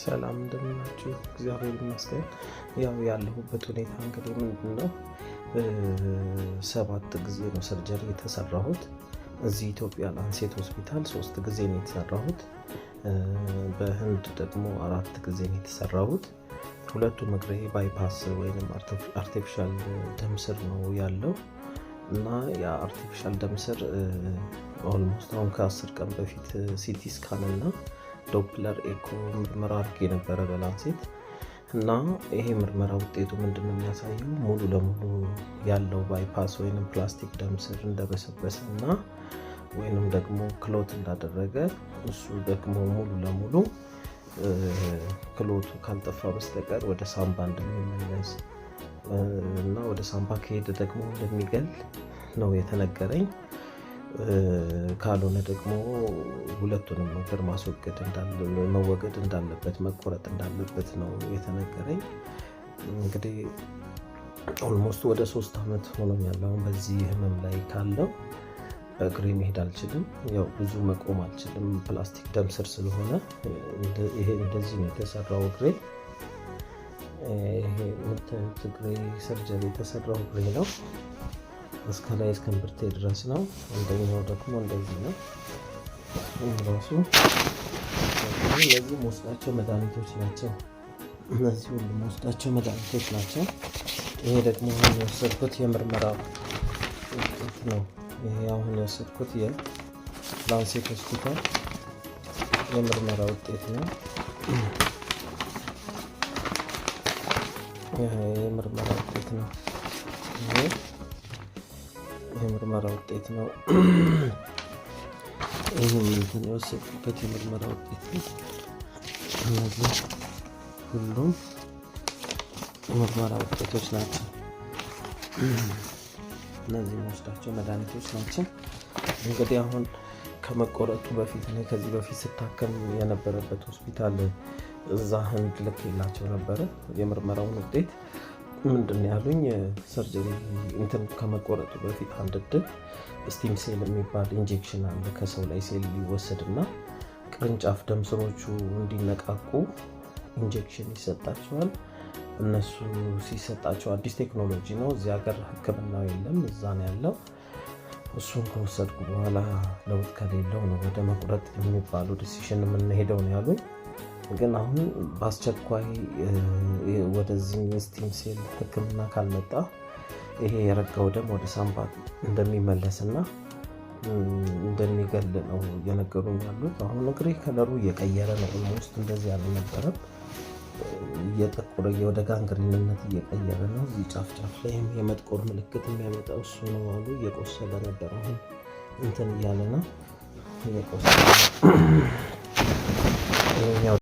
ሰላም እንደምናችሁ። እግዚአብሔር ይመስገን። ያው ያለሁበት ሁኔታ እንግዲህ ምንድን ነው፣ ሰባት ጊዜ ነው ሰርጀሪ የተሰራሁት እዚህ ኢትዮጵያ ላንሴት ሆስፒታል ሶስት ጊዜ ነው የተሰራሁት። በህንድ ደግሞ አራት ጊዜ ነው የተሰራሁት። ሁለቱ እግሬ ባይፓስ ወይም አርቲፊሻል ደምስር ነው ያለው እና የአርቲፊሻል ደምስር ኦልሞስት አሁን ከአስር ቀን በፊት ሲቲ ስካን እና ዶፕለር ኤኮ ምርመራ አድርጌ የነበረ በላንሴት እና ይሄ ምርመራ ውጤቱ ምንድን ነው የሚያሳየው ሙሉ ለሙሉ ያለው ባይፓስ ወይንም ፕላስቲክ ደም ስር እንደበሰበሰ እና ወይንም ደግሞ ክሎት እንዳደረገ እሱ ደግሞ ሙሉ ለሙሉ ክሎቱ ካልጠፋ በስተቀር ወደ ሳምባ እንደሚመለስ እና ወደ ሳምባ ከሄደ ደግሞ እንደሚገል ነው የተነገረኝ። ካልሆነ ደግሞ ሁለቱንም ነገር ማስወገድ መወገድ እንዳለበት መቆረጥ እንዳለበት ነው የተነገረኝ። እንግዲህ ኦልሞስት ወደ ሶስት ዓመት ሆኖኛል አሁን በዚህ ህመም ላይ ካለው በእግሬ መሄድ አልችልም። ያው ብዙ መቆም አልችልም፣ ፕላስቲክ ደም ስር ስለሆነ ይሄ እንደዚህ ነው የተሰራው እግሬ። ይሄ የምታዩት እግሬ ሰርጀሪ የተሰራው እግሬ ነው። እስከ ላይ እስከ እምብርቴ ድረስ ነው። አንደኛው ደግሞ እንደዚህ ነው። ራሱ እነዚህ መወስዳቸው መድኃኒቶች ናቸው። እነዚህ ሁሉ መወስዳቸው መድኃኒቶች ናቸው። ይሄ ደግሞ አሁን የወሰድኩት የምርመራ ውጤት ነው። ይሄ አሁን የወሰድኩት የላንሴት ሆስፒታል የምርመራ ውጤት ነው። የምርመራ ውጤት ነው። ይህን የወሰድኩበት የምርመራ ውጤት ነው። እነዚህ ሁሉም ምርመራ ውጤቶች ናቸው። እነዚህ የሚወስዳቸው መድኃኒቶች ናቸው። እንግዲህ አሁን ከመቆረጡ በፊት እኔ ከዚህ በፊት ስታከም የነበረበት ሆስፒታል እዛ ህንድ ልክ የላቸው ነበረ የምርመራውን ውጤት ምንድን ያሉኝ ሰርጀሪ እንትን ከመቆረጡ በፊት አንድ ድል ስቲም ሴል የሚባል ኢንጀክሽን አለ። ከሰው ላይ ሴል ሊወሰድና ቅርንጫፍ ደም ስሮቹ እንዲነቃቁ ኢንጀክሽን ይሰጣቸዋል። እነሱ ሲሰጣቸው አዲስ ቴክኖሎጂ ነው። እዚህ ሀገር ሕክምናው የለም፣ እዛ ነው ያለው። እሱን ከወሰድኩ በኋላ ለውጥ ከሌለው ነው ወደ መቁረጥ የሚባሉ ዲሲሽን የምንሄደው ነው ያሉኝ። ግን አሁን በአስቸኳይ ወደዚህ ስቲም ሴል ህክምና ካልመጣ ይሄ የረጋው ደም ወደ ሳምባ እንደሚመለስና እንደሚገል ነው እየነገሩኝ ያሉት። አሁን እግሬ ከለሩ እየቀየረ ነው። ውስጥ እንደዚህ አልነበረም። እየጠቆረ ወደ ጋንግሪንነት እየቀየረ ነው። እዚህ ጫፍ ጫፍ ላይም የመጥቆር ምልክት የሚያመጣው እሱ ነው አሉ። እየቆሰለ ነበር። አሁን እንትን እያለ ነው እየቆሰለ